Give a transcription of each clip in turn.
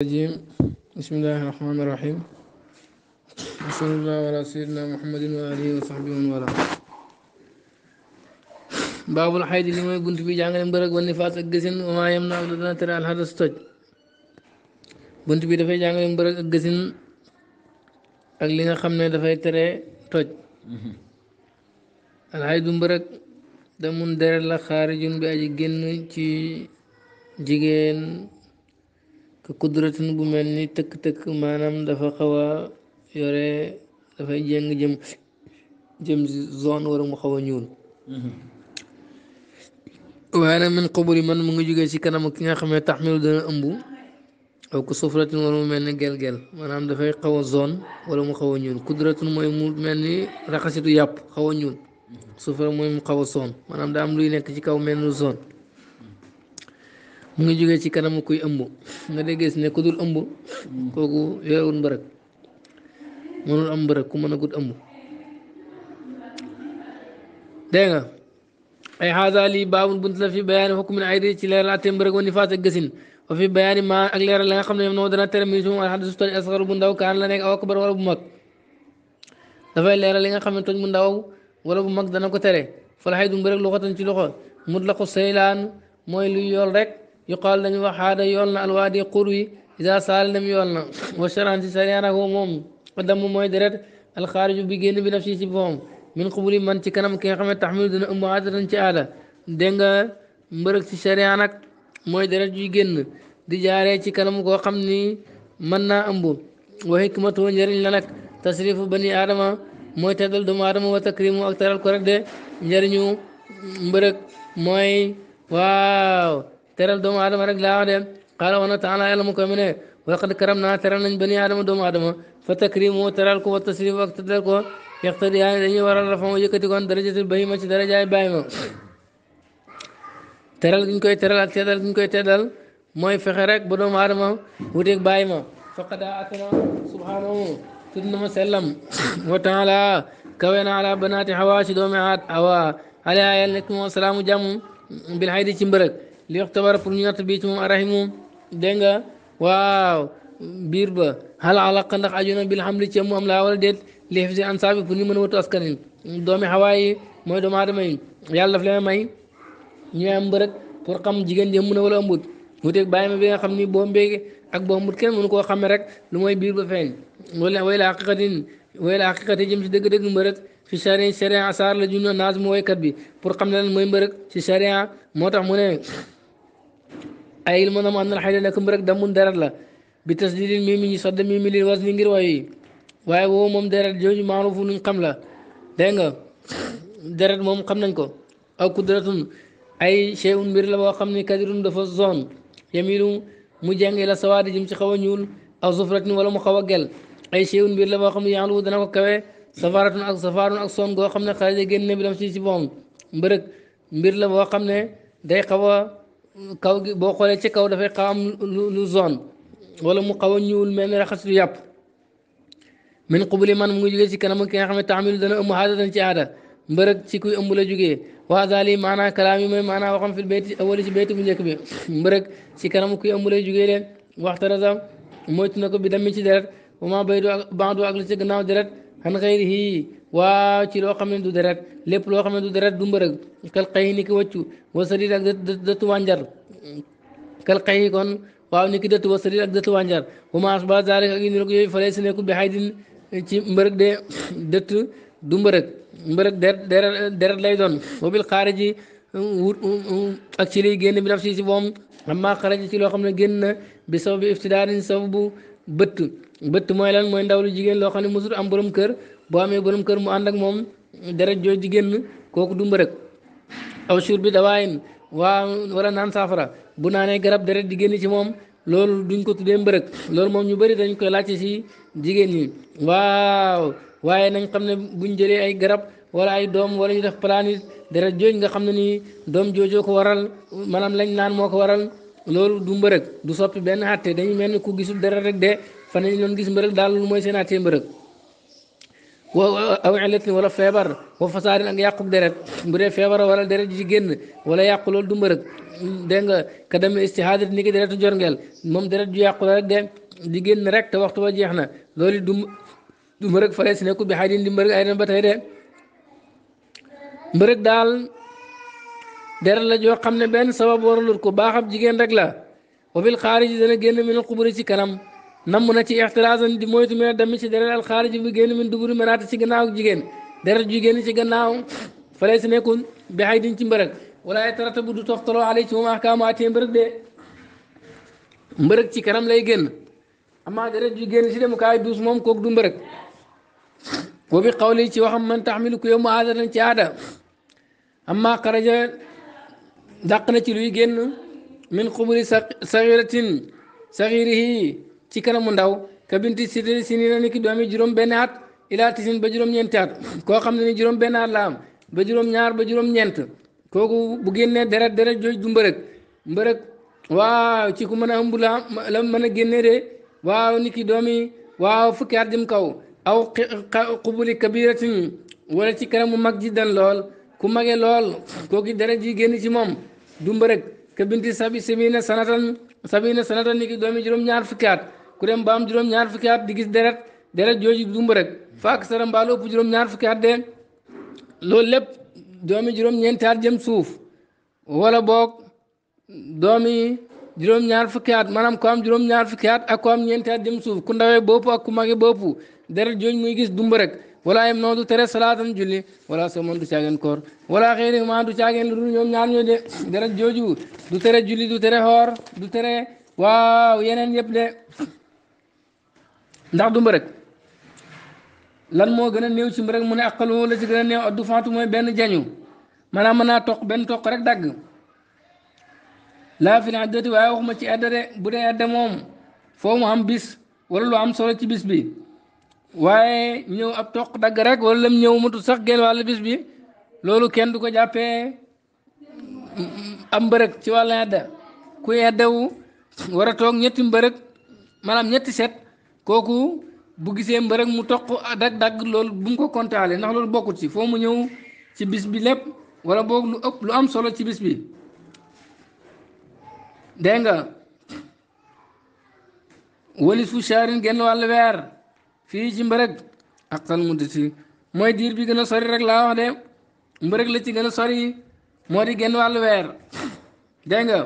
الرجيم بسم الله الرحمن الرحيم بسم الله على سيدنا محمد وعلى وصحبه ومن والاه باب الحيض اللي ما يكون في جانب المبارك والنفاس الجسن وما يمنع لنا ترى هذا الصوت بنت بي دفاي جانغ مبارك غسين اك ليغا خامني دفاي تري توج الحيض مبارك دمون دير لا خارجون بي اجي ген جيجين ka kudratin bu mel ni tëkk-tëkk maanaam dafa xaw a yore dafay jéng jëm jëm zone wara mu xaw a ñuul mm-hmm. waaye nag min xubur yi man mu nga jóge ci kanam ki nga xam ne taxmilu dana ëmb aw ko sufratin wala mel ni gel-gel maanaam dafay xaw a zone wala mu xaw a ñuul kudratin mooy mu mel ni raxasitu yàpp xaw a ñuul mm-hmm. sufra mooy mu xaw a soon maanaam daa am luy nekk ci kaw mel ni zone mu ngi jógee ci kanam kuy ëmb nga dee gis ne ku dul ëmb kooku yorewul mbërëg mënul am mbërëg ku mën a gudd ëmb dégg nga ay xaasa lii baabul bunt la fi bayaani xokk min ay ci leeral atte mbërëg wa nifaas ak gësin wa fi bayaani maa ak leeral la nga xam ne moom dana tere toj asxaru bu ndaw kaan la nekk aw akbar wala bu mag dafay leeral li nga xam ne toj bu ndaw wala bu mag dana ko tere fala xay du mbërëg loxo tan ci loxo mutlaqu saylaan mooy luy yool rek يقال لنا هذا يولنا الوادي قروي إذا سالنا يولنا وشران تساني أنا هو موم قدم موي درد الخارج بيجين بنفسي سبهم من قبول من تكنم كي خم تحمل دون أم عادر أنت على دينغا مبرك تساني أنا موي درد بيجين دجاري تكنم كو خمني منا أمبو وهكما تونجر لنك تصريف بني آدم موي تدل دم آدم وتكريم أكثر الكرد جرنيو مبرك موي واو wow. teral doomu aadama rek laa wax de qaala wana taala yàlla mu koy mu ne walaqad karam naa teral nañ bani aadama doomu aadama fa takrimu teral ko wa tasrif ak teral ko yaxtadi yaani dañuy waral rafam yëkkati koon darajatul bahima ci darajaay bàyyi ma teral gi ñu koy teral ak teddal gi ñu koy teddal mooy fexe rek ba doomu aadama wuteeg bàyyi ma faqad atana subhanahu tudd na ma sellam wa taala kawe na ala banaati xawa ci doomi aat awa ala yàlla nekk moo salaamu jàmm bil xaydi ci mbërëg li ixtabara pour ñu natt bii ci moom arahimu waaw biir ba xala alaqa ndax ajuna bil xam li ci mu am laa wala déet li xifsi ansaabi pour ñu mën a watu askanin doomi xawaayi mooy doomu aadama yi yàlla daf leen may ñu am mbërëg pour xam jigéen ji mën a wala ëmbut wuteeg bàyyi ma bi nga xam ni boo mbéege ak boo ëmbut kenn mënu koo xame rek lu mooy biir ba feeñ wala way la xaqiqatin way la xaqiqati jëm si dëgg-dëgg mbërëg fi charia charia asaar la junna naas mu waykat bi pour xam ne lan mooy mbërëg si moo tax mu ne ay ilmu na mu ànd na xëy na nekk mu rek damun deret la bi tasdidin mii mi ñu sodde mii was ni ngir wayi waaye moom deret jooju ma nuñ xam la dégg nga deret moom xam nañ ko aw kudratun ay cheyun mbir la boo xam ne kadirun dafa zone yamilu mu jàngi la sawaadi jëm ci xaw ñuul aw sufratin wala mu xaw a gel ay cheyun mbir la boo xam ne yaalu dana ko kawe safaratun ak safaarun ak soon xam ne xarija génne bi la boo xam ne day xaw kaw gi boo xoolee ci kaw dafay xaw am lu zone wala mu xaw a ñuul mel ni raxas lu yàpp min qubli man mu ngi jógee ci kanam ki nga xam ne taamilu dana ëmb aada dañ ci aada mbërëg ci kuy ëmb la jógee waa daal yi maanaa kalaam yi mooy maanaa bi mbërëg ci kanam kuy ëmb lay jógee de waxtaraza ko bi dami ci wa maa baydu ak baadu ak li gannaaw deret xan xayrihi waaw ci loo xam ne du deret lépp loo xam ne du deret du mbërëg kal xëy ni ki wa sarit ak dëttu wànjar kal xëy kon waaw ni ki wa sarit ak dëttu wànjar bu maas ba zalik ak indi rek yooyu fale si nekku bi xay din ci mbërëg de dëtt du mbërëg mbërëg deret lay doon wabil xaariji ak ci liy génn bi si si moom amma ci loo xam ne génn bi sababi iftidaarin sababu bëtt bëtt mooy lan mooy ndaw jigéen loo xam ne mosul am borom kër boo amee borom kër mu ànd ak moom deret joo jigéen kooku du mbërëg aw suur bi dawaayin waa wala naan saafara bu naanee garab deret di génn ci moom loolu duñ ko tuddee mbërëg loolu moom ñu bëri dañ koy laajte si jigéen ñi waaw waaye nañ xam ne buñ jëlee ay garab wala ay doom wala ñu def planit deret jooj nga xam ne nii doom joojoo ko waral maanaam lañ naan moo ko waral loolu du mbërëg du soppi benn àtte dañu mel ni ku gisul dara rek de fan la ñu doon gis mbërëg daal lu mooy seen àttee mbërëg aw illatin wala feebar wa fasaadin ak yàqub deret bu dee feebar wala deret ji génn wala yàqu loolu du mbërëg dégg nga ka demee istihaadat ni ki deretu jorngeel moom deret ju yàqu rek de di génn rek te waxtu wa jeex na loolu du du mbërëg fale si nekku bi xaajin di mbërëg ay dem ba tey de mbërëg daal deret la joo xam ne benn sabab waralut ko baaxam jigéen rek la wa bil xaariji dana génn min xuburi ci kanam namm na ci a di moytu mene dami ci deret al xaariji bu génn min duburi menaata ci gannaaw jigéen deret ju génn ci gannaaw falay si nekkul bi xay ci mbërëg wala ay tarata bu du toftaloo alay ci moom axkaamu atee mbërëg de mbërëg ci kanam lay génn amaa deret ju génn ci dem kaay duus moom kook du mbërëg wa bi xawli ci waxam man taxmilu ku yow ci aada dàq na ci luy génn min xuburi saxiratin saxirihi ci kanamu ndaw ka binti sidri sini na ni ki doomi juróom benn at ilaa ba juróom ñeenti at koo xam ne ni juróom benn at la ba juróom ñaar ba juróom ñeent kooku bu génnee deret deret jooj du mbërëg mbërëg waaw ci ku mën a ëmb la la mën a génne de waaw ni ki doomi waaw fukki at jëm kaw aw xuburi kabiratin wala ci kanamu mag ji dan lool ku mage lool kooki deret ji génn ci moom du mbërëg ka binti sabi sabina sanatan sabina sanatan ni ki doomi juróom-ñaar fukki at ku dem ba am juróom-ñaar fukki di gis deret deret jooju du mbërëg faak sara mbaa lu ëpp juróom-ñaar fukki at de loolu lépp doomi juróom-ñeenti at jëm suuf wala boog doomi juróom-ñaar fukki at maanaam ku am juróom-ñaar fukki at ak ku am ñeenti at jëm suuf ku ndawee bopp ak ku mage bopp deret jooju muy gis du rek wala yem noonu du tere salaatam julli wala soman du caageen koor wala xëyri ma du caageen lu dul ñoom ñaar ñoo de dara jooju du tere julli du tere xoor du tere waaw yeneen yëpp de ndax du rek lan moo gën a néew ci mbërëg mu ne aqalu la ci gën a néew addu faatu mooy benn jañu maanaam mën naa toq benn toq rek dagg laa fi ne addati waaye ma ci adda de bu dee adda moom foo mu am bis wala lu am solo ci bis bi waaye ñëw ab toq dagg rek wala lam ñëw mutu sax genn wàllu bis bi loolu kenn du ko jàppee am mbërëg ci wàllu yedda ku yeddawu war a toog ñetti mbërëg maanaam ñetti set kooku bu gisee mbërëg mu toq dag dagg loolu bu mu ko kontaale ndax loolu bokkut ci foo mu ñëw ci bis bi lépp wala boog lu ëpp lu am solo ci bis bi dégg nga wali fu genn wàllu weer fii ci mbërëg aqal muddati mooy diir bi gën a sori rek laa wax de mbërëg la ci gën a sori moo di genn wàllu weer dégg nga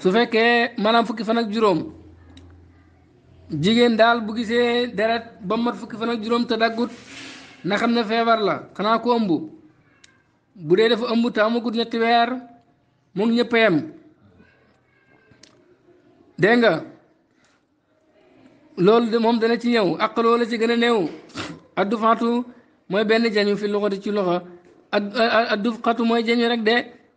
su fekkee maanaam fukki fan ak juróom jigéen daal bu gisee deret ba mat fukki fan ak juróom te daggut na xam ne feebar la xanaa ko ëmb bu dee dafa ëmb te amagut ñetti weer mu ngi ñëpp loolu de moom dana ci ñëw aqaloo la ci gën a néew addu faatu mooy benn jañu fi loxo ci loxo addu xatu mooy jañu rek de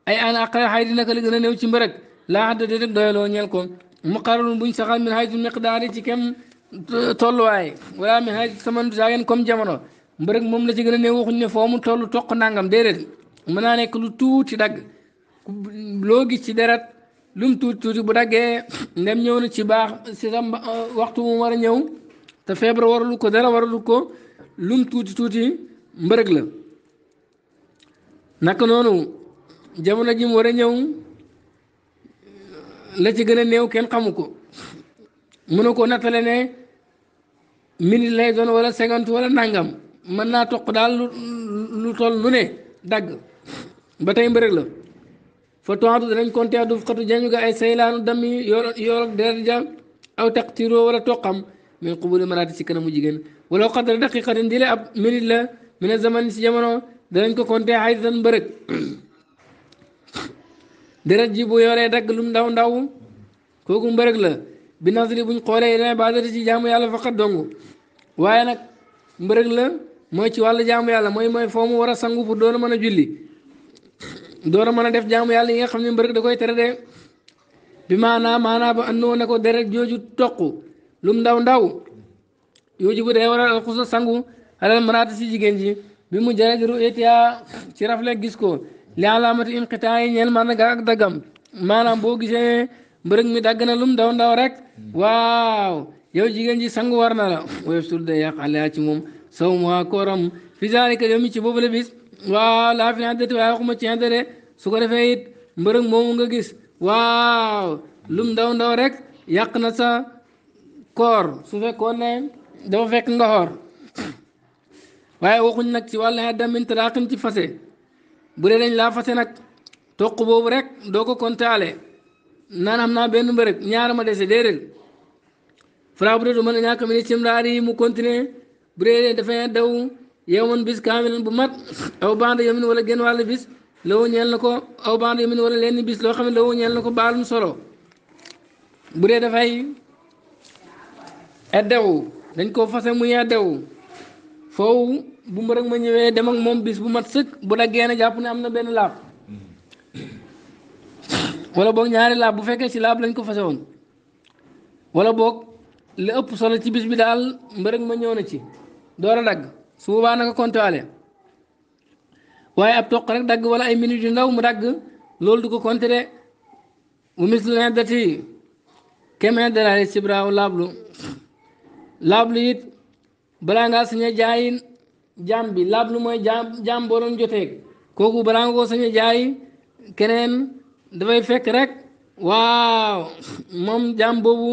ay an aqal xay di naka la gën a néew ci mbërëg laa xaddade rek doyaloo ñeel ko muqarrarun buñ saxal min xaytu miqdaari ci kem tolluwaay wala min xaytu saman saagen comme jamono mbërëg moom la ci gën a néew ne foo mu toll toq nangam déedéet mën naa nekk lu tuuti dagg loo ci deret lum tuuti tuuti bu daggee ndem ñëw na ci baax si tam euh, waxtu mu war a ñëw te feebar waralu ko dara waralu ko lum tuuti tuuti mbërëg la naka noonu jamono ji mu war a ñëw euh, la ci gën a néew kenn xamu ko mënu ko nattale ne minute lay doon wala cinquante wala nangam mën naa toq daal lu toll lu ne dagg ba tey mbërëg la fa toxatu danañ compter du xatu jañu ga ay saylaanu dam yi yoor yoorog derja aw taqtiro am toqam min qubuli maraati ci kanamu jigéen wala xadra daqiqatin di la ab minute la mina zaman si jamono danañ ko compter xay tan bërëg deret ji bu yoree dagg lu ndaw ndaw kooku mbërëg la bi nasri buñ xoolee dana baadati ci jaamu yàlla faqat dong waaye nag mbërëg la mooy ci wàllu jaamu yàlla mooy mooy foo mu war a sangu pour doon mën a julli door a mën a def jaamu yàlla yi nga xam ne mbërëg da koy tere de bi maanaa maanaa ba andoo na ko deret jooju toq lum ndaw ndaw yooju bu day waral alxusa sangu alal maraata jigéen ji bi mu jara di ru'yatiha ci gis ko li alaamati inqitaa yi ñeel man nga daggam maanaam boo gisee mbërëg mi dagg na lum ndaw ndaw rek waaw yow jigéen ji sangu war la woyof sur de yàq alaa ci moom saw mu kooram fi zaalika yow mi ci boobu la bis waaw laa fi naa dëtt waaye waxuma ci naa su ko defee it mbërëg moomu nga gis waaw lum ndaw ndaw rek yàq na sa koor su fekkoon ne dafa fekk nga xoor waaye waxuñ nag ci wàllu xedda min talaqin ci fase bu dee dañ laa fase nag toq boobu rek doo ko kontaale naan xam naa benn mbërëg ñaar ma dese déedéet fra bu dee du mën a ñàkk mi ni yi mu continuer bu dee dafay daw yow man bis kaamilan bu mat aw bande yomin wala genn wàll bis lawu ñeel na ko aw bande yomin wala lenn bis loo xam ne lawu ñeel na ko baalum solo bu dee dafay eddewu dañ koo fase muy eddewu foofu bu mu ma ñëwee dem ak moom bis bu mat sëkk bu daggee na jàpp ne am na benn laab walla boog ñaari laab bu fekkee ci laab lañ ko fase woon wala boog li ëpp solo ci bis bi daal mbërëg ma ñëw na ci door a dagg su boobaa naka compter waaye ab toq rek dagg walla ay minutes yu ndaw mu dagg loolu du ko compter mu mis lu iddati kem iddalaal istibraaw laablu laablu it balaa ngaa sañ a jaayi bi laablu mooy jaam jaam boo doon kooku balaa nga koo jaay keneen dafay fekk rek waaw moom jaam boobu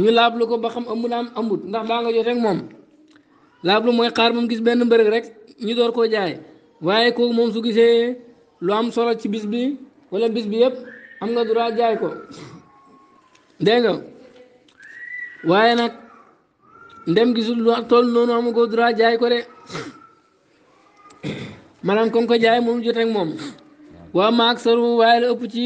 ñu laablu ko ba xam ëmb naam ëmbut ndax daa nga joteeg moom. laablu mooy xaar moom gis benn mbërëg rek ñu door koo jaay waaye kooku moom su gisee lu am solo ci bis bi wala bis bi yëpp am nga droit jaay ko dégg nga waaye nag ndem gisul lu toll noonu ko droit jaay ko de maanaam comme ko jaay moom jot moom waa maak saru waaye la ëpp ci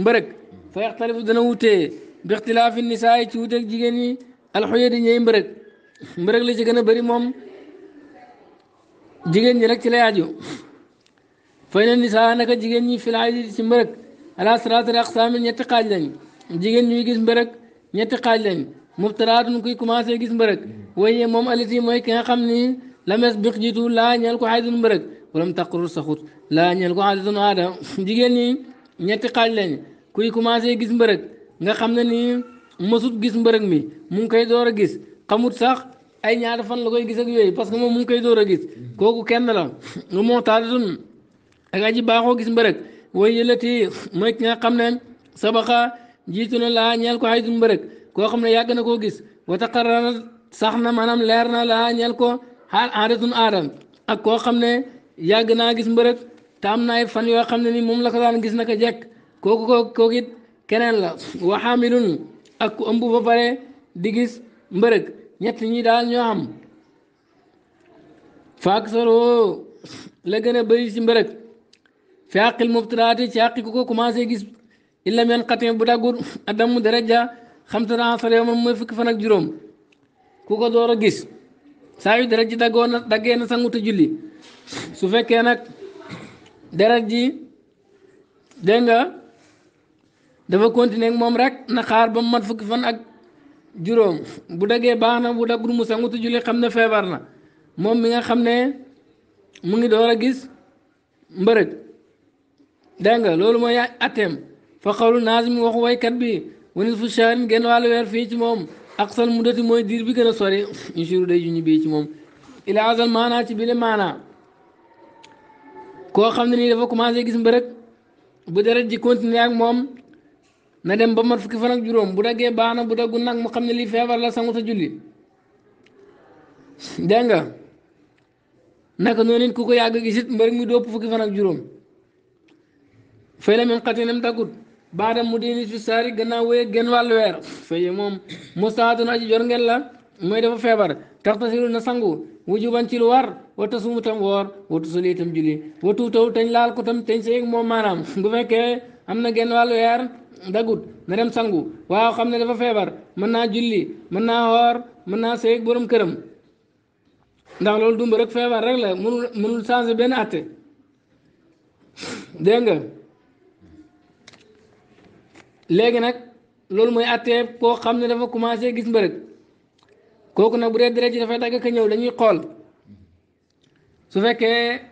mbërëg fa yaxtalifu dana wutee bi ixtilaafi nisaa ci wuteeg jigéen ñi alxoyadi ñëy mbërëg mbërëg li ci gën a bëri moom jigéen ñi rek ci la yaaju fay na nisaa naka jigéen ñi filaay di ci mbërëg ala salaatari aqsaamin ñetti xaaj lañ jigéen ñuy gis mbërëg ñetti xaaj lañ muftaraatun kuy commencé gis mbërëg waaye moom alati mooy ki nga xam ni lames biq jiitu laa ñeel ko xaydun mbërëg walam taqrur saxut laa ñeel ko xaydun aada jigéen ñi ñetti xaaj lañ kuy commencé gis mbërëg nga xam ne ni mësut gis mbërëg mi mu ngi koy door a gis xamut sax ay ñaari fan la koy gis ak yooyu parce que moom mu koy door a gis kooku kenn la nga moxtaatun ak aji baaxoo gis mbërëg way yëlati mooy ki nga xam ne sabaxa jiitu na laa ñeel ko xaydun koo xam ne yàgg na koo gis wata sax na maanaam leer na laa ñeel ko xaal xam ne yàgg naa gis mbërëg te am na ay fan yoo xam ne ni moom la ko daan gis naka jekk kooku kooku keneen la waxaamilun ak ba di gis mbërëg ñett ñi daal ñoo am faaksaroo la gën a bëri ci mbërëg fi àqil mubtadaati ci àqi ku ko commencé gis illa men xatin bu daggur adamu daraja xam te naa sare man mooy fukki fan ak juróom ku ko door a gis saa yu deret ji daggoo na daggee na sangu te julli su fekkee nag deret ji dégg nga dafa continuer moom rek na xaar ba mu mat fukki fan ak juróom bu daggee baax na bu daggul mu sangu te julli xam ne feebar na moom mi nga xam ne mu ngi door a gis mbërëg dégg nga loolu mooy atteem fa xawlu naazim waxu waykat bi wanis fu shahrin genn wàllu weer fii ci moom aqsal muddati mooy diir bi gën a sori inshuru day ju ñu bii ci moom ila azal maanaa ci bile maanaa koo xam ne nii dafa commencé gis mbërëg bu deret ji continuer ak moom na dem ba mat fukki fan ak juróom bu daggee baax na bu daggu nag mu xam ne lii feebar la sangu ta julli dégg nga naka noonu nit ku ko yàgg gisit mbari mu dopp fukki fan ak juróom fay la min xatinam daggut baadam mu di nit fi saari gannaaw wéy genn wàllu weer faye moom mustahatun aji jor ngeen la mooy dafa feebar tax tasiru na sangu wujuban ci lu war wata sumu tam woor watu suli tam julli watu taw tañ tam tañ sëyeg moom maanaam bu fekkee dagut na dem sangu waaw xam ne dafa feebar mën naa julli mën naa woor mën naa sëy ak këram ndax loolu dumb rek feebar rek la mënul mënul changé benn atte dégg nga léegi nag loolu mooy atte koo xam ne dafa commencé gis mbërëg kooku nag bu dee deret ji dafay dagg ka ñëw dañuy xool su fekkee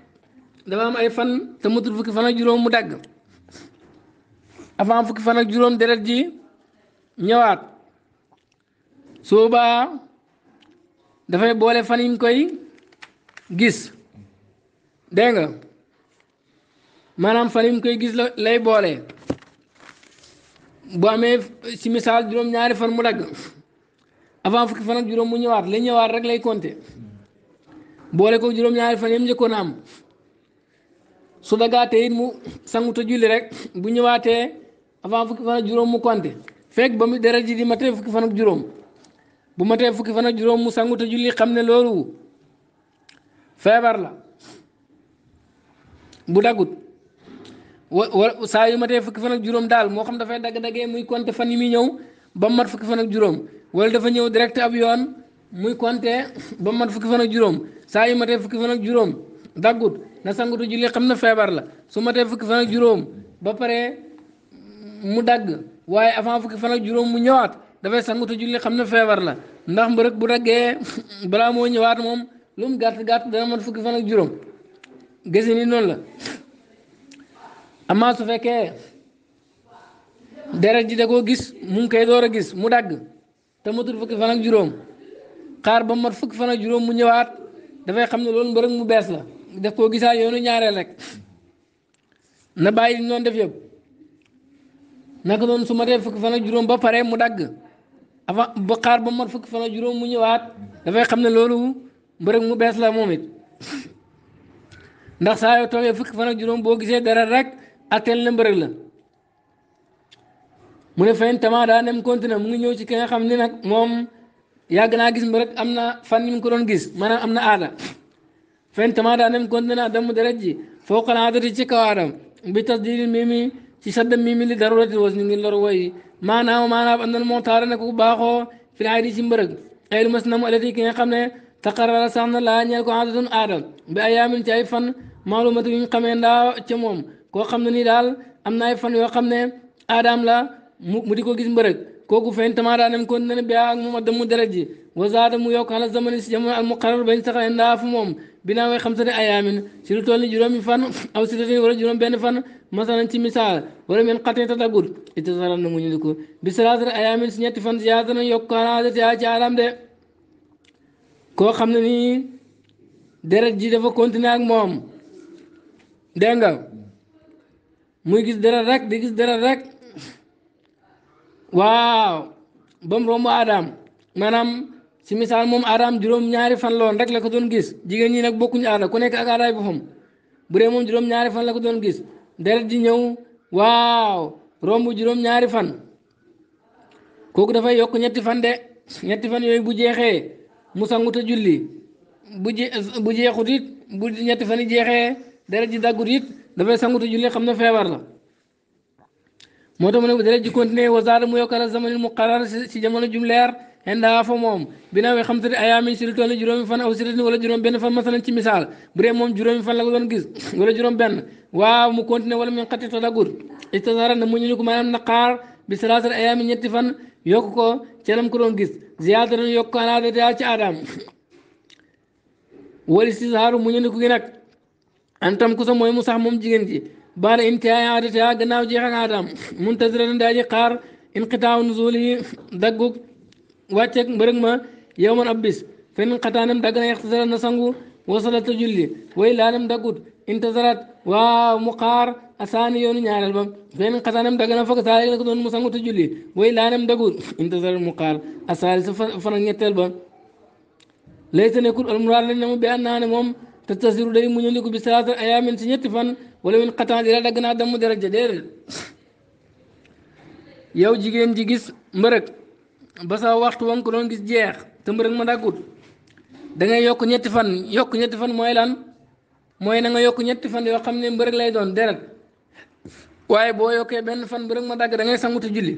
dafa am ay fan te mutul fukki fan a juróom mu dagg avant fukki fan juróom deret ji ñëwaat soobaa dafay boole fan yiñ koy gis dégg nga maanaam fan yiñ koy gis lay boole bu amee ci misaal juróom ñaari fan mu dagg avant fukki fan juróom mu ñëwaat lay ñëwaat rek lay compter boole ko juróom ñaari fan yam njëkkoon a am su dagaatee mu sangu te julli rek bu ñëwaatee avant fukki fan ak juróom mu konte fekk ba mu deret ji di matee fukki fan ak bu matee fukki fan ak juróom mu sangu te xam ne loolu feebar la bu daggut wa saa yu fukki fan juróom daal moo xam dafay dagg-daggee muy konte fan yi muy ñëw ba mat fukki fan ak juróom wala dafa ñëw direct ab yoon muy konte ba mat fukki fan ak juróom saa yu matee fukki fan ak juróom daggut na sangutu julli xam ne feebar la su matee fukki fan ak ba pare. mu dagg waaye avant fukki fan juróom mu ñëwaat dafay sangu te julli xam ne feebar la ndax mbërëg bu daggee balaa moo ñëwaat moom lu mu gàtt gàtt dana man fukki fan juróom gis ni noonu la amaa su fekkee deret ji da koo gis mu koy door a gis mu dagg te matul fukki fan juróom xaar ba mat fukki fan ak juróom mu ñëwaat dafay xam ne loolu mbërëg mu bees la def koo gisaa yoonu ñaareel rek na bàyyi noon def yëpp naka noonu su ma fukki fan juróom ba pare mu dagg avant ba xaar ba mat fukki fan juróom mu ñëwaat dafay xam ne loolu mbërëg mu bees la moom it ndax saa yoo toogee fukki fan juróom boo gisee dara rek atteel na mbërëg la mu ne fayin tamaa daa dem mu ngi ñëw ci ki xam ni nag moom yàgg naa gis mbërëg am na fan yi mu ko doon gis maanaam am na aada fayin tamaa daa dem continué naa dem mu deret ji foo ko aadati ci kaw aadam bi tas ci sadda mi mi li darurati was ni ngi lor way maanaam maanaam andal moo taara ne ku baaxoo filaay di ci mbërëg ayil mas na mu alati ki xam ne taqarara sax na laa ñeel ko adatun aada ay fan maalumati yu ñu xamee ndaa ca koo xam ne nii daal am na ay fan yoo xam ne aadaam la mu di ko gis mbërëg kooku feeñ tamaa daa nem kon ne ne bi ak moom addamu deret ji wazaada mu yokk ala zamani si jamono al muqarrar bañ saxee ndaa fu moom binaa way xamsati ayaamin si lu toll ni juróomi fan aw si datin wala juróom benn fan masalan ci misaal wala men xatee ta daggut ita saran na muñu ko bi salaasati ayaamin si ñetti fan siyaasa na yokk alaadati yaa ci alam de koo xam ne nii deret ji dafa continuer ak moom dégg nga muy gis deret rek di gis deret rek waaw ba romb Adam maanaam ci misaal moom aadaam juróom-ñaari fan loon rek la ko doon gis jigéen ñi nag bokkuñu aada ku nekk ak aadaay boppam bu dee moom juróom-ñaari fan la ko doon gis deret ji ñëw waaw romb juróom-ñaari fan kooku dafay yokk ñetti fan de ñetti fan yooyu bu jeexee mu sanguta te julli bu je bu jeexut it bu ñetti fan yi jeexee deret ji daggut it dafay sangu te julli xam na feebar la moo tax mu ne deret ji continuer wasaare mu yokkal zamanil muqarrar si jamono jum leer indaa fa moom binaaw xamtati ayaamin si lu toll ni juróomi fan aw siratin wala juróom benn fan masalan ci misaal bu dee moom juróomi fan la ko doon gis wala juróom benn waaw mu continuer wala min xati tadagur istasara na mu ñu ni ko maanaam naqaar bi salaasal ayaamin ñetti fan yokk ko calam ko doon gis ziyaada doon yokk ko alaadataa ci aadaam wala istisaaru mu ñu ni ko gi nag ku sa mooy mu sax moom jigéen ji baana intihaay aadataa gannaaw jeex ak aadaam muntazira daaji xaar inqitaaw nuzuli wàcceeg mbërëg ma yow man ab bis fenn xataanem dagg na yaxtasara na sangu wasalata julli way laanem daggut intasarat waaw mu xaar asaani yoonu ñaareel ba fenn xataanem dagg na fokk saali la ko doon mu sangu te julli way laanem daggut intasarat mu xaar asaali bi annaa ne moom te mu ñëndiku bi salaata si ñetti fan wala min xataan dira dagg naa damm daraja déedéet yow jigéen ji gis mbërëg ba sa waxtu woon ko doon gis jeex te mbërëg ma dàggut da ngay yokk ñetti fan yokk ñetti fan mooy lan mooy na nga yokk ñetti fan yoo xam ne mbërëg lay doon deret waaye boo yokkee benn fan mbërëg ma dàgg da ngay sangutu julli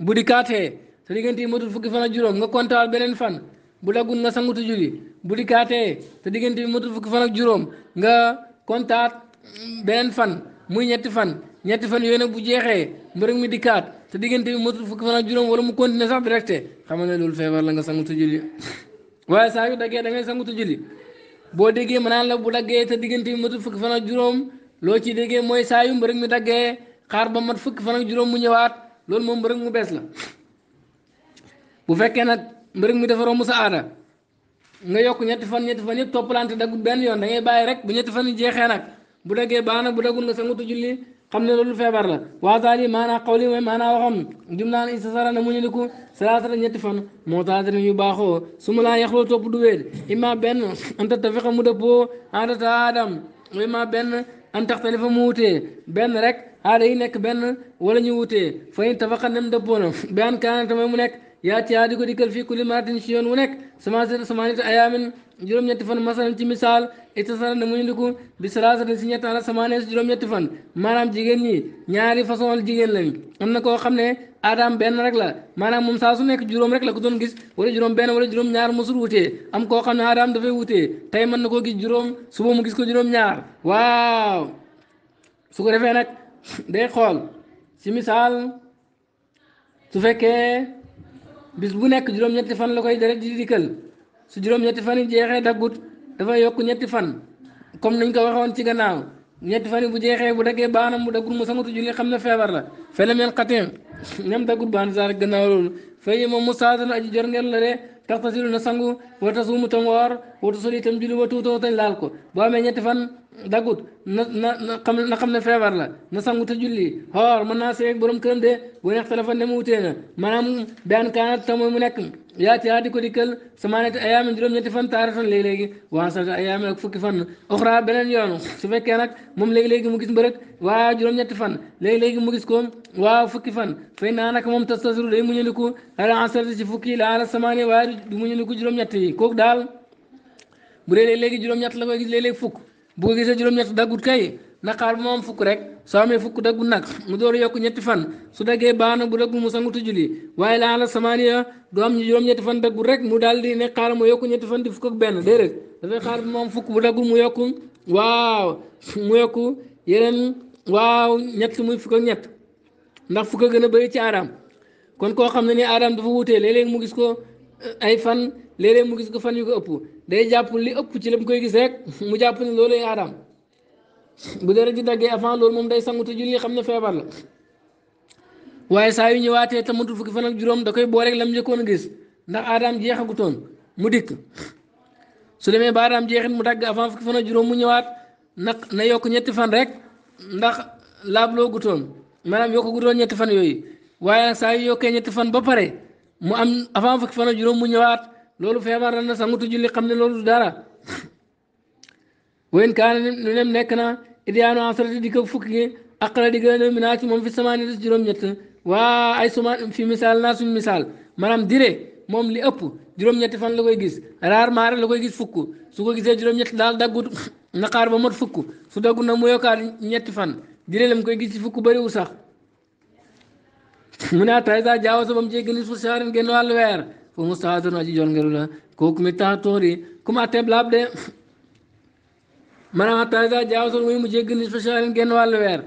bu di kaatee sa diggante yi matul fukki fan ak juróom nga kontaal beneen fan bu lagun nga sangutu julli bu di kaatee sa diggante bi fukki fan ak juróom nga kontaat mm, beneen fan muy ñetti fan ñetti fan yooyu nag bu jeexee mbërëg mi di kaat te diggante bi motul fukk fan ak juróom wala mu continuer sax direct xamal ne loolu feebar la nga sangutu julli waaye saa yu daggee da ngay sangutu julli boo déggee ma la bu daggee te diggante bi motul fukk fan ak juróom loo ciy déggee mooy saa yu mbërëg mi daggee xaar ba mat fukk fan ak juróom mu ñëwaat loolu moom mbërëg mu bees la bu fekkee nag mbërëg mi dafa romb sa aada nga yokk ñetti fan ñetti fan yëpp toppalante dagu benn yoon da ngay bàyyi rek bu ñetti fan yi jeexee nag bu daggee baax na bu daggul nga sangutu julli xam ne loolu feebar la waa daali maanaa xawli mooy maanaa waxam jum naan istasara na muñu niku salaatata ñetti fan moo taatata ñu baaxoo su ma laa yaxloo topp du wéet imma benn anta tafiqa mu mu wutee benn rek aada yi nekk benn wala ñu wutee fa i tafaqa nem dëppoona bi an kaana tamay mu nekk yaa ci yaa di ko dikkal fii kulli maratin si yoon wu nekk sama sama ayaamin juróom-ñetti fan masalan ci misaal itasara na mu indiku bi salaasata si ñett ala samaane si juróom-ñetti fan maanaam jigéen ñi ñaari façon jigéen lañ am na koo xam ne aadaam benn rek la maanaam moom saa su nekk juróom rek la ko doon gis wala juróom benn wala juróom ñaar mosul wutee am koo xam ne aadaam dafay wutee tey man na koo gis juróom suba mu gis ko juróom ñaar waaw su ko defee nag day xool si misaal su fekkee bis bu nekk juróom-ñetti fan la koy dara di dikkal su juróom-ñetti fan yi jeexee daggut dafay yokk ñetti fan comme nañ ko waxoon ci gannaaw ñetti fan yi bu jeexee bu daggee baanam bu daggul mu sangatu julli xam ne feebar la phénomène xatin ñam daggut baan saar gannaaw loolu fay moom mu saatan aji jor ngeen la de tax tasilu na sangu wata suumu tam woor wata soli tam julli watuutoo tañ laal ko boo amee ñetti fan daggut na na na xam na xam ne feebar la na sangu te julli xoor mën naa seeg borom këram de bu neex téléphone dem wutee na maanaam benn kaanat te mooy mu nekk yaati yaa di ko dikkal samaanati ayaamin juróom-ñetti fan taaratan léegi-léegi waa sata ayaamin ak fukki fan su fekkee nag moom léegi mu gis mbërëg waa juróom-ñetti fan léegi-léegi mu gis ko waa fukki fan fay naa nak moom tastasru day mu ñëndiku ala asarti ci fukki la ala samaani waaye mu ñëndiku juróom-ñett yi kooku daal bu dee léegi juróom-ñett la koy gis léeg fukk bu ko gisee juróom-ñett daggut kay na xaar ba mu am fukk rek soo amee fukk daggut nag mu door yokk ñetti fan su daggee baax na bu daggul mu sangu tujuli waaye laa la samaaniya du am juróom-ñetti fan daggut rek mu daal di ne xaar mu yokk ñetti fan di fukk ak benn déedéet dafay xaar ba mu am fukk bu daggul mu yokk waaw mu yokk yeneen waaw ñett muy fukk ak ñett ndax fukk gën a bëri ci aadam kon koo xam ne ni aadam dafa wutee léeg-léeg mu gis ko ay fan. léeg mu gis ko fan yu ko ëpp day jàpp li ëpp ci la mu koy gis rek mu jàpp ne loolu aadaam bu dara ji daggee avant lool moom day sangu te julli xam ne feebar la waaye saa yu ñëwaatee te matul fukki fan ak juróom da koy booleeg lam njëkkoon a gis ndax aadaam jeexagutoon mu dikk su demee ba aadaam jeexit mu dagg avant fukki fan ak juróom mu ñëwaat nag na yokk ñetti fan rek ndax laabloo maanaam yokk gutoon ñetti fan yooyu waaye nag fan ba pare mu am avant fukki juróom mu ñëwaat. loolu feebaral na sangutu julli xam ne loolu dara wen kaana nu nem nekk na idiyaanu asrati di ko fukki gi aqala di a minaa ci moom fi samaani des juróom-ñett waa ay suma fi misaal naa suñ misaal maanaam dire moom li ëpp juróom-ñetti fan la koy gis rarement rek la koy gis fukk su ko gisee juróom-ñetti daal daggut naqaar ba mot fukk su daggut na mu yokkaat ñetti fan dire lam koy gis ci fukk bëriwu sax mu ne atay sa jaawa sa ba mu jéggi ni su saarin genn wàllu weer fo mustahaadun aji jongeru la kooku mi tax toori comme atteeb laab de maanaam atta isa jaawasoon muy mu jégg ni spécial genn weer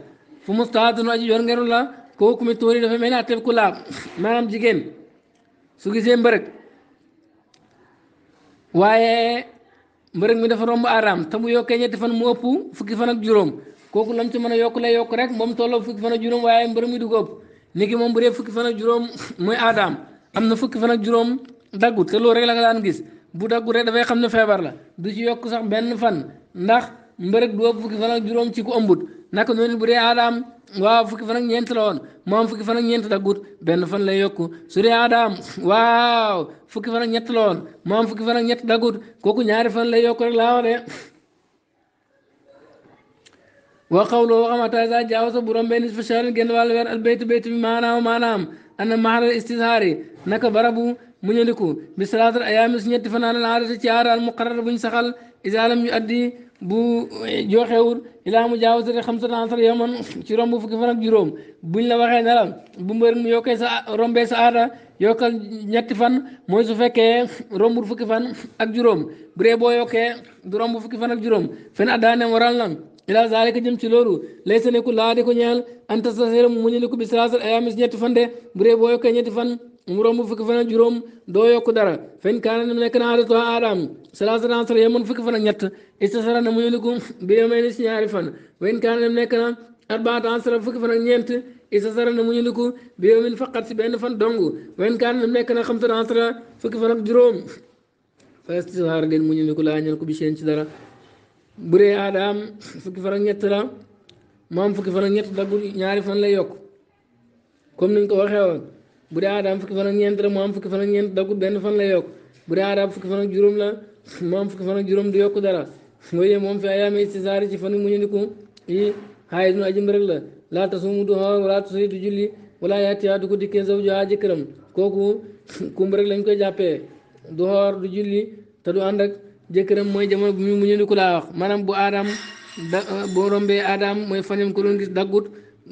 fu mustahaadun aji jongeru la kooku mi toori dafa mel ni ku laab maanaam jigéen su gisee mbërëg waaye mbërëg mi dafa romb araam te mu yokkee ñetti fan mu ëpp fukki fan ak juróom kooku lam ci mën a yokk lay yokk rek moom tolloo fukki fan ak juróom waaye mbërëg mi du ëpp niki moom bu fukki fan juróom mooy aadaam am na fukki fan juróom daggut te loolu rek la nga daan gis bu daggut rek dafay xam ne feebar la du ci yokk sax benn fan ndax mbërëg du ëpp fukki fan juróom ci ku ëmbut naka noonu bu dee aadaam waaw fukki fan ak ñeent la woon fukki fan ak ñeent daggut benn fan lay yokku su dee aadaam fukki fan ñett la woon moom fukki fan ak kooku ñaari fan lay yokku rek laa wax de wa xawloo waxam ata sa jaaw sa bu rombee nisfa shahrin genn wàllu weer al baytu maanaam maanaam ana mahral istishaari naka bara bu mu ñëndiku bi salaatul ayaami su ñetti fanaan al aadati ci aada al muqarrar buñ saxal isaalam yu addi bu joxewul ilaa mu jaawasati xamsata ansar yawman ci romb fukki fan ak juróom buñ la waxee ne bu mbër mu yokkee sa rombee sa aada yokkal ñetti fan mooy su fekkee rombul fukki fan ak juróom boo yokkee du romb fukki fan ak juróom fen addaa ne waral la ila zalika jëm ci loolu lay sa nekkul laa di ko ñaal anta sasera mu muñu ko bi salaasal ayaamis ñetti fan de bu boo yokkee ñetti fan mu romb fukki fan ak doo yokk dara nekk na aadatu aadaam salaasal ansar fan ak ñett istasara na muñu fan fen nekk na arbaat ansar fukki fan ak ñeent istasara na ko bi si benn fan dong fen nekk na xamsa ansar fukki fan ak juróom fa istihaar den muñu ko laa dara bu dee aadaam fukki fan ak ñett la moom fukki fan ak ñett daggul ñaari fan lay yokk comme niñ ko waxee woon bu dee aadaam fukki fan ak ñeent la moom fukki fan ak ñeent daggul benn fan lay yokk bu dee aadaam fukki fan ak juróom la moom fukki fan ak juróom du yokk dara mooy moom fi ayaami istisaari ci fan mu ñëndiku yi xaayit nu ajum rek la laa tasumu du xoor wala tasuy du julli wala yaatiyaa du ko dikkee zawjaa jëkkëram kooku kumb rek lañ koy jàppee du xoor du julli te du ànd ak jëkkëram mooy jamono bu mu ñu ko laa wax maanaam bu aadam da boo rombee aadam mooy fan fanem ko doon gis daggut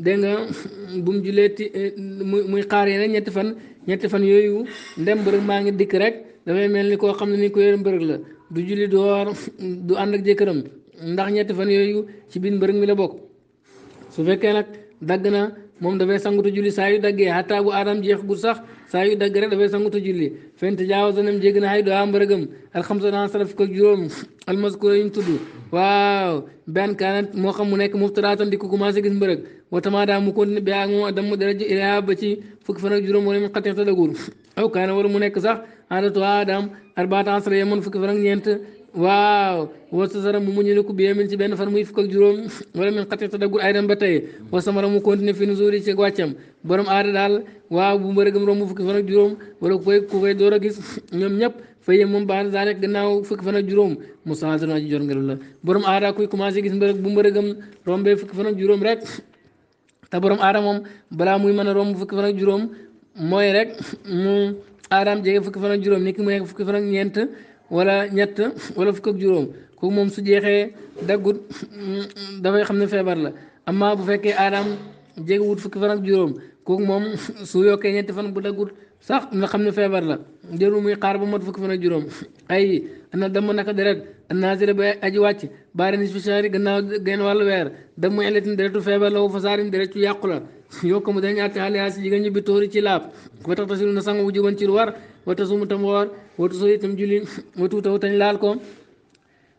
dégg nga bu mu ti eh, muy muy xaar yeneen ñetti fan ñetti fan yooyu ndem mbërëg maa ngi dikk rek dafay mel ni koo xam ne ni ko yor mbërëg la du julli du woor du ànd ak jëkkëram ndax ñetti fan yooyu ci biir mbërëg mi la bokk su fekkee nag dagg na moom dafay sanguta julli saa yu daggee xataa bu aadam jeexagul sax saa yu dagg rek dafay sanguta julli fen tajaawaza nam jégg na xaydu ambaragam alxamsa salaf ko juróom almaskura yuñ tudd waaw benn kaanat moo xam mu nekk muftaraatam di ko commencé gis mbërëg wa tamaada mu continué bi ak moom daraja ilaa ba ci fukki fan ak juróom wala mu xatee ta dagul aw kaana nekk sax adatu adam arbaata asra yemoon fukki fan ñeent waaw wasa sara mu muñu ne ko bi min ci benn fan muy fukk ak juróom wala min xati ta daggul ay ba tey wasa mara mu continué fi nu suuri ci wàccam borom aada daal waaw bu mbërëgam romb mu fukki fan ak juróom wala ku ku door gis ñoom ñëpp fay moom baax na rek gannaaw fukki fan ak juróom mu sanatona ci jor la borom aada kuy gis mbërëg bu mbërëgam rombee fukki fan ak juróom rek te borom aada moom balaa muy mën a romb fukki fan ak juróom mooy rek mu aadaam jege fukki fan ak juróom ni ki mu fukki fan ak ñeent wala ñett wala fukk ak juróom kooku moom su jeexee daggut dafay xam ne feebar la amma bu fekkee aadam wut fukki fan ak juróom kooku moom su yokkee ñetti fan bu daggut sax na xam ne feebar la jëru muy xaar ba mat fukki fan ak juróom ay na dama naka deret naasira ba aji wàcc baari ni spéciari gannaaw genn wàllu weer dam muy eletin deretu feebar la wa fasaarin deretu yàqu la yokk mu dañ atte xale yaa si jigéen ñi bi ci laab ko tax tasilu na sangu wujuban ci lu war wata sumu tam woor watu soo itam julli watu taw tañ laal ko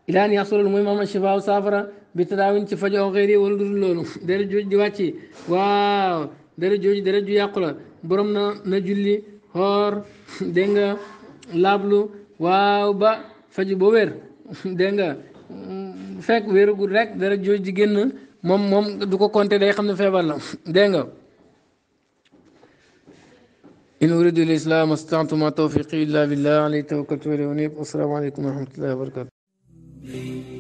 ilaan yax solol mooy maama shifaaw saafara bi tadaawin ci fajoo xëyri wala dul loolu dara jooju di wàcc waaw dara jooju dara ju yàqu borom na na julli xoor dégg nga laablu rek dara jooju di génn moom moom du ko compter day xam ne feebar la dégg إن أريد الإسلام استعنت ما توفيقي إلا بالله عليه توكلت وإليه أنيب والسلام عليكم ورحمة الله وبركاته